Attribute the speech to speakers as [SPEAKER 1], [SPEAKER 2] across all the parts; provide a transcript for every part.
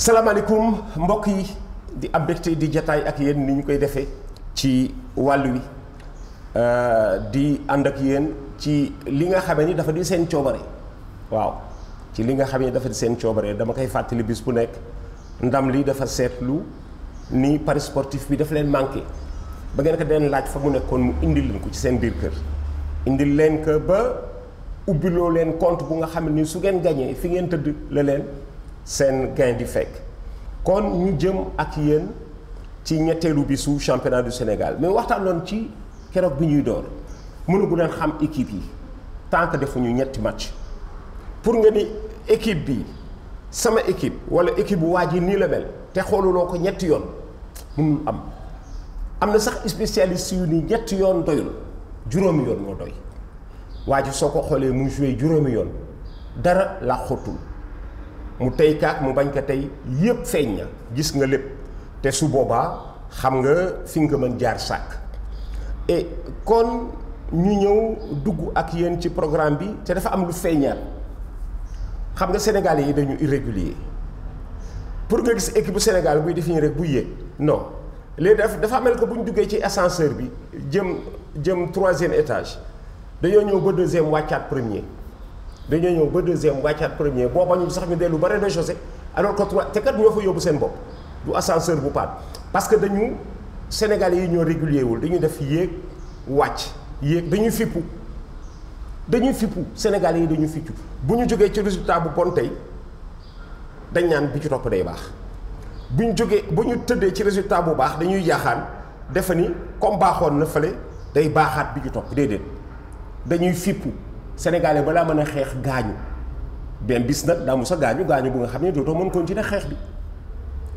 [SPEAKER 1] salaamaaleykum mbokk yi di am di jataay ak yéen ni ñu koy defee ci wàll wi euh, di ànd ak yéen ci li nga xamee ni dafa di seen coobare waaw ci li nga xamee ni dafa di seen coobare dama koy fàttali bis bu nekk ndam li dafa seetlu ni Paris sportif bi dafa leen manqué ba ngeen ko den laaj fa mu nekkoon mu indil leen ko ci seen biir kër indil leen ko ba ubbiloo leen compte bu nga xam ni su ngeen gañee fi ngeen tëdd la leen seen gain di fekk kon ñu jëm ak yéen ci ñetteelu bi bisu championnat du Sénégal mais waxtaan waxtaanoon ci keroog bi ñuy door mënugu leen xam équipe yi tant que defuñu ñetti match pour nga ni équipe bi sama équipe wala équipe bu waa ji nii la mel te xooluloo ko ñetti yoon mënul am am na sax spécialiste yu ni ñetti yoon doyul juróomi yoon moo doy waaj soo ko xoolee mu joué juróomi yoon dara la xotul mu tey kaak mu bañ ko tey yëpp feeñ na gis nga lépp te su boobaa xam nga fi nga mën jaar sàkk e kon ñu ñëw dugg ak yéen ci programme bi te dafa am lu feeñaat xam nga Sénégalais yi dañu irrégulier pour nga gis équipe bu Sénégal buy def nii rek bu yéeg non léegi daf dafa mel ko bu ñu duggee ci ascenseur bi jëm jëm troisième étage dañoo ñëw ba deuxième wàccaat premier dañoo ñëw ba deuxième wàccaat premier boo bañul sax ñu dellu ba rez-de-chaussée alors que trois te kat ñoo fa yóbbu seen bopp du ascenseur bu paat parce que dañu Sénégal yi ñoo régulier wul dañu def yéeg wàcc yéeg dañuy fippu dañuy fippu Sénégal yi dañuy fippu bu ñu jógee ci résultat bu bon tey dañ naan bi ci topp day baax bu ñu jógee bu ñu tëddee ci résultat bu baax dañuy jaaxaan defe ni comme baaxoon na fale day baaxaat bi ci topp déedéet dañuy fippu. sénégalais balaa mën a xeex gaañu benn bis nag daa mus a gaañu gaañu bu nga xam ne dootoo mën continuer xeex bi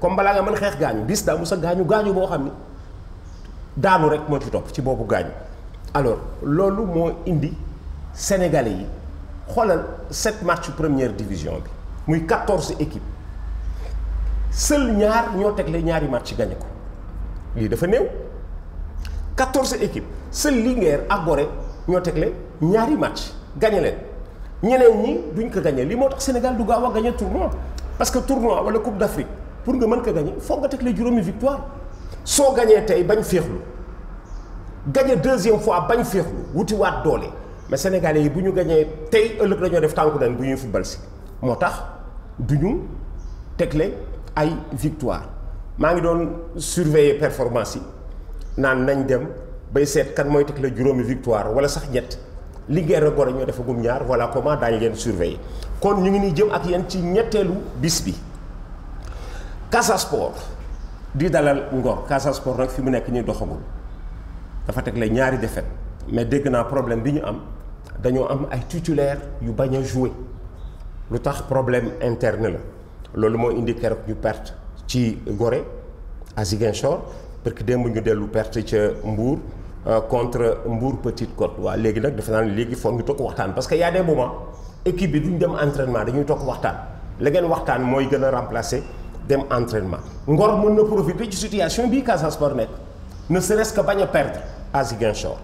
[SPEAKER 1] comme balaa nga mën xeex gaañu bis daamu sa gaañu gaañu boo xam ne daanu rek moo ci topp ci boobu gaañu. alors loolu moo indi sénégalais yi xoolal sept matchs première division bi muy quatorze équipes sël ñaar ñoo tegle ñaari match gagné ko lii dafa néew quatorze équipes seul Linguère ak Gorée ñoo tegle ñaari match gañe leen ñeneen ñi duñ ko gañe lii moo tax Sénégal du gaaw a gañe tournoi parce que tournoi wala coupe d'Afrique pour nga mën ko gañe foo nga teg les juróomi victoire soo gañee tey bañ féexlu gañe deuxième fois bañ féexlu wutiwaat doole mais sénégalais yi bu ñu gañee tey ëllëg dañoo def tànku dañ bu ñuy football si moo tax du ñu tegle ay victoire maa ngi doon surveiller performance yi naan nañ dem bay seet kan mooy tegle juróomi victoire wala sax ñett Linguère ak Gorée ñoo defagum ñaar voilà comment daañu leen surveiller kon ñu ngi ni jëm ak yéen ci ñetteelu bis bi Casa di dalal Ngor Casa Sport nag fi mu nekk nii doxagul dafa teg la ñaari defet mais dégg naa problème bi ñu am dañoo am ay titulaire yu bañ a jouer lu tax problème interne la loolu moo indi keroog ñu perte ci gore à Ziguinchor parce que démb ñu dellu perte ca mbuur Euh, contre Mbour Petite Côte waaw léegi nag dafa naan léegi foog ñu toog waxtaan parce que y a des moments bi duñ dem entraînement dañuy toog waxtaan la ngeen waxtaan mooy gën a remplacer dem entraînement Ngor mën na profiter ci situation bii Casa Sport nekk ne serait que bañ a perdre à Ziguinchor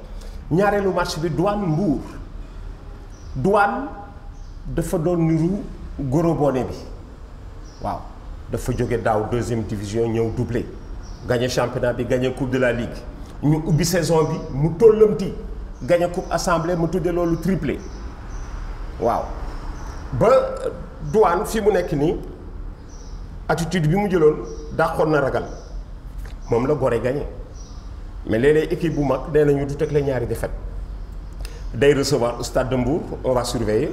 [SPEAKER 1] ñaareelu match bi Douane Mbour Douane dafa doon niru Goro Boné bi waaw dafa jóge daaw deuxième division ñëw doublé gagné championnat bi gagné coupe de la ligue ñu ubbi saison bi mu tollamti gañ a coupe assemblée mu tudde loolu triplé waaw ba douane fi mu nekk nii attitude bi mu jëloon dàqoon na ragal moom la Gorée gagné mais léeg-léeg équipe bu mag nee nañu du teg la ñaari défaite day recevoir stade de Mbour on va surveiller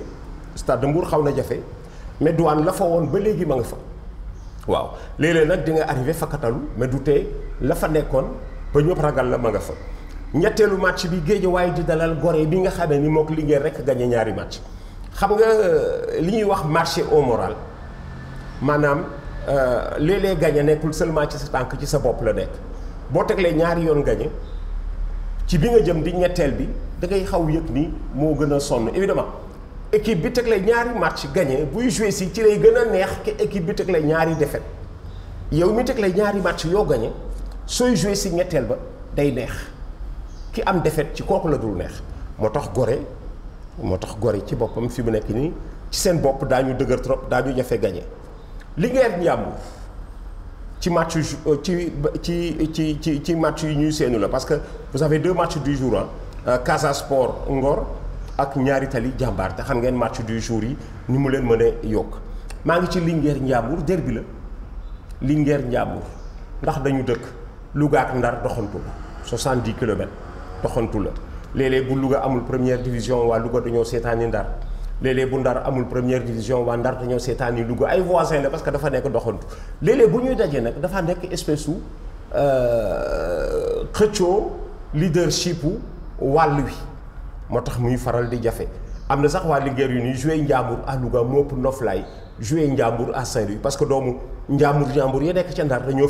[SPEAKER 1] stade xaw na jafe mais douane la fa woon ba léegi ma ngi fa waaw léeg nag di nga arrivé fakkatalu mais du tee la fa nekkoon. ba ñëpp ragal la ma nga fa ñetteelu match bi waaye di dalal Gorée bi nga xamee ni ko liggéey rek gañe ñaari match xam nga euh, li ñuy wax marché au moral maanaam euh, léeg-léeg gañe nekkul seulement ci sa tànk ci sa bopp la nekk boo teglee ñaari yoon gañe ci bi nga jëm di ñetteel bi da ngay xaw yëg ni moo gën a sonn évidemment équipe bi teg teglee ñaari match gañe buy joué si ci lay gën a neex ke équipe bi teglee ñaari défaite yow mi teg teglee ñaari match yoo gañe sooy joué si ñetteel ba day neex ki am défaite ci kooku la dul neex moo tax gore moo tax gore ci boppam fi mu nekk nii ci seen bopp daañu dëgër trop daañu jafe gagné Linguère Ndiambour ci match euh, ci ci ci ci ci match yu ñuy seenu la parce que vous avez deux matchs du jour ah Casa Sport Ngor ak ñaari tali jàmbaar te xam ngeen match du jour yi ni mu leen mën a yokk maa ngi ci Linguère Ndiambour derby la Linguère Ndiambour ndax dañu dëkk. Louga ak Ndar doxantu la 70 kilomètres doxantu la léeg-léeg bu Louga amul première division waa Louga dañoo seetaani Ndar léeg bu Ndar amul première division waa Ndar dañoo seetaani Louga ay voisins la parce que dafa nekk doxantu léeg-léeg bu ñuy dajee nag dafa nekk espèce su euh, xëccoo leadership wàll wi moo tax muy faral di jafe am na sax waa Linguère yu ni joué Ndiambour à Louga moo ëpp noflaay joué Ndiambour à saint parce que doomu Ndiambour Ndiambour yi nekk ca Ndar dañoo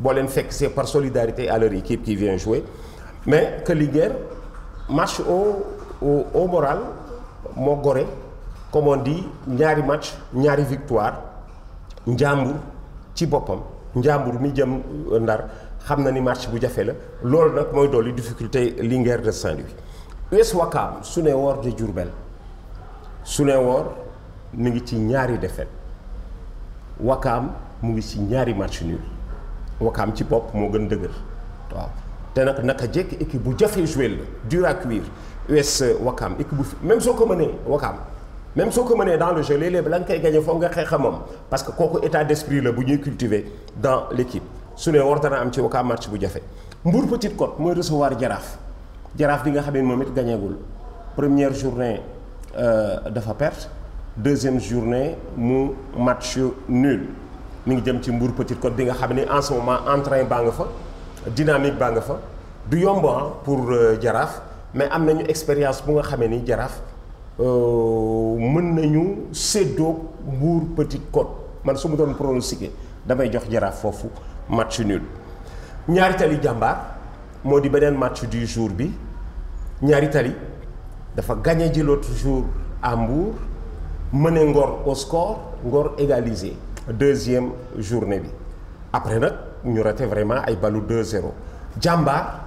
[SPEAKER 1] boo leen fekk c'est par solidarité à leur équipe qui vient mais que Linguère marche au au, au moo gore comme on ñaari match ñaari victoire njàmbur ci boppam njàmbur mi jëm ndar xam na ni match bu jafe la loolu nag mooy dolli difficulté Linguère de Saint-Louis US Ouakam Suneor de Diourbel Suneor mu ngi ci ñaari défaite Ouakam mu ngi ci ñaari match nul wakaam ci bopp moo gën dëgër waaw te nag naka jekk équipe bu jafee jouer la dur à cuire US wakaam équipe bu même soo ko mënee wakaam même soo ko mënee dans le jeu léeg-léeg bala nga koy gañe foog nga xeex moom parce que kooku état d'esprit la bu ñuy cultiver dans l'équipe su ne war dana am ci wakaam match bu jafe Mbour Petite Côte mooy recevoir Jaraaf Jaraaf bi nga xam ne moom it gañeegul première journée euh, dafa perte deuxième journée mu match nul mi ngi jëm ci Mbour Petite code bi nga xam ne en ce moment entrain baa nga fa dynamique baa nga fa du yomb pour euh, jaraaf mais am nañu expérience bu nga xamee ni jaraaf euh, mën nañu séddoo Mbour Petite Côte man su ma doon pronostiqué damay jox jaraaf foofu match nul ñaari tali jàmbaar moo di beneen match du jour bi ñaari tali dafa gagné ji l'autre jour à mëne Ngor au score Ngor égalisé. deuxième journée bi après nag ñu raté vraiment ay balu 2-0 Diamba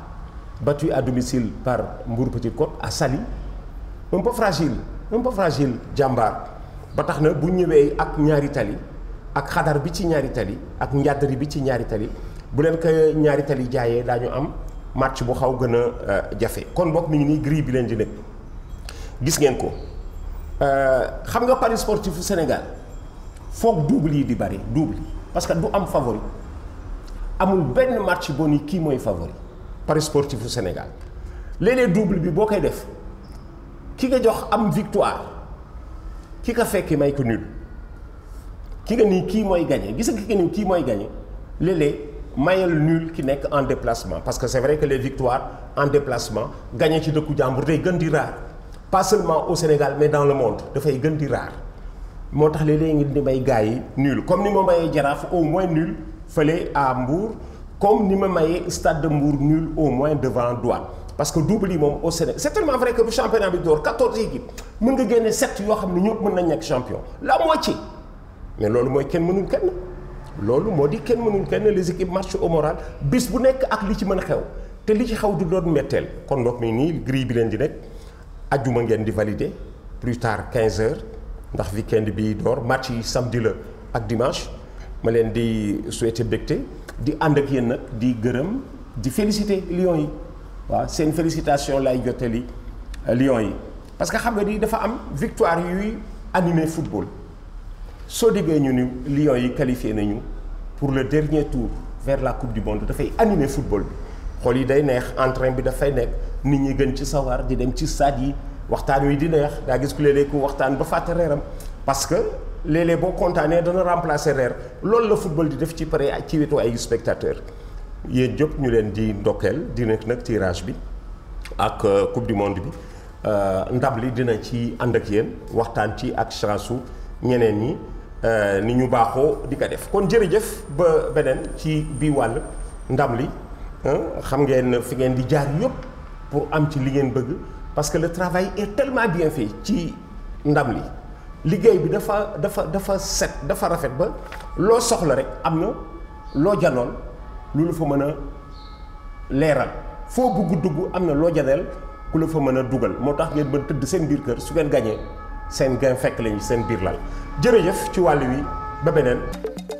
[SPEAKER 1] battu à domicile par Mbour Petite Côte à Saly un peu fragile un fragile Diamba ba tax na bu ñëwee ak ñaari tali ak xadar bi ci ñaari tali ak njàddari bi ci ñaari tali bu leen ko ñaari tali jaayee daañu am match bu xaw gën a euh, jafe kon bokk mi ngi nii gris bi leen di nekk gis ngeen ko euh, xam nga paris sportif Sénégal. foog double yi di bëri double parce que du am favori amul benn match boo ni kii mooy favori pari sportifu Sénégal léeg-léeg double bi boo koy def ki nga jox am victoire ki ka fekki may ko nul ki nga nii kii mooy gagné gis nga ki nga nii kii mooy gagné léelée léeg mayal nul ki nekk en déplacement parce que c'est vrai que les victoires en déplacement gagné ci dëkku jàmbur de gën di rare pas seulement au Sénégal mais dans le monde dafay gën di raar moo tax léeg-léeg ngi di may gars yi nul comme ni ma mayee jaraaf au moins nul fële à Mbour comme ni ma mayee stade de Mbour au moins devant Douane parce que double lii moom au Sénégal c'est tellement vrai que bu championnat bi door 14 équipes mën nga génne 7 yoo xam ne ñëpp mën nañ nekk champion la ci mais loolu mooy kenn mënul kenn loolu moo di kenn mënul kenn les équipes marchent au moral bis bu nekk ak li ci mën a xew te li ci xaw du doon metteel kon ndox nii grille bi leen di nekk ajjuma ngeen di valider plus tard 15 heures ndax weekend bi door match yi samedi la ak dimanche ma leen di souhaiter bégte di ànd ak yéen nag di gërëm di félicité Lions yi waaw seen félicitation lay joteli euh, Lions yi parce que xam nga di dafa am victoire yuy animer football soo déggee ñu ni Lions yi qualifié nañu pour le dernier tour vers la coupe du monde dafay animer football bi xool yi day neex entrain bi dafay nekk nit ñi gën ci sawar di dem ci saat yi waxtaan wi di neex daa gis ku léeg ku waxtaan ba fàtte reeram parce que léeg boo kontaanee dana remplacer reer loolu la football di def ci pare ci wetu ay spectateur yéen jëpp ñu leen di ndokkeel di nekk nag tirage bi ak euh, coupe du monde bi euh, ndab li dina ci ànd ak yéen waxtaan ci ak chance ñeneen ñi euh, ni ñu baaxoo di def kon jërëjëf ba beneen ci bii wàll ndam li xam ngeen fi ngeen di jaar yëpp pour am ci li ngeen bëgg parce que le travail est tellement bien fait ci ndam li liggéey bi dafa dafa dafa set dafa rafet ba loo soxla rek am na loo janoon lu la fa mën a leeral foo bugg dugg am na loo janeel ku la fa mën a dugal moo tax ngeen mën tëdd seen biir kër su ngeen gañee seen gain fekk lañu seen biir lal jërëjëf ci wàll wi ba beneen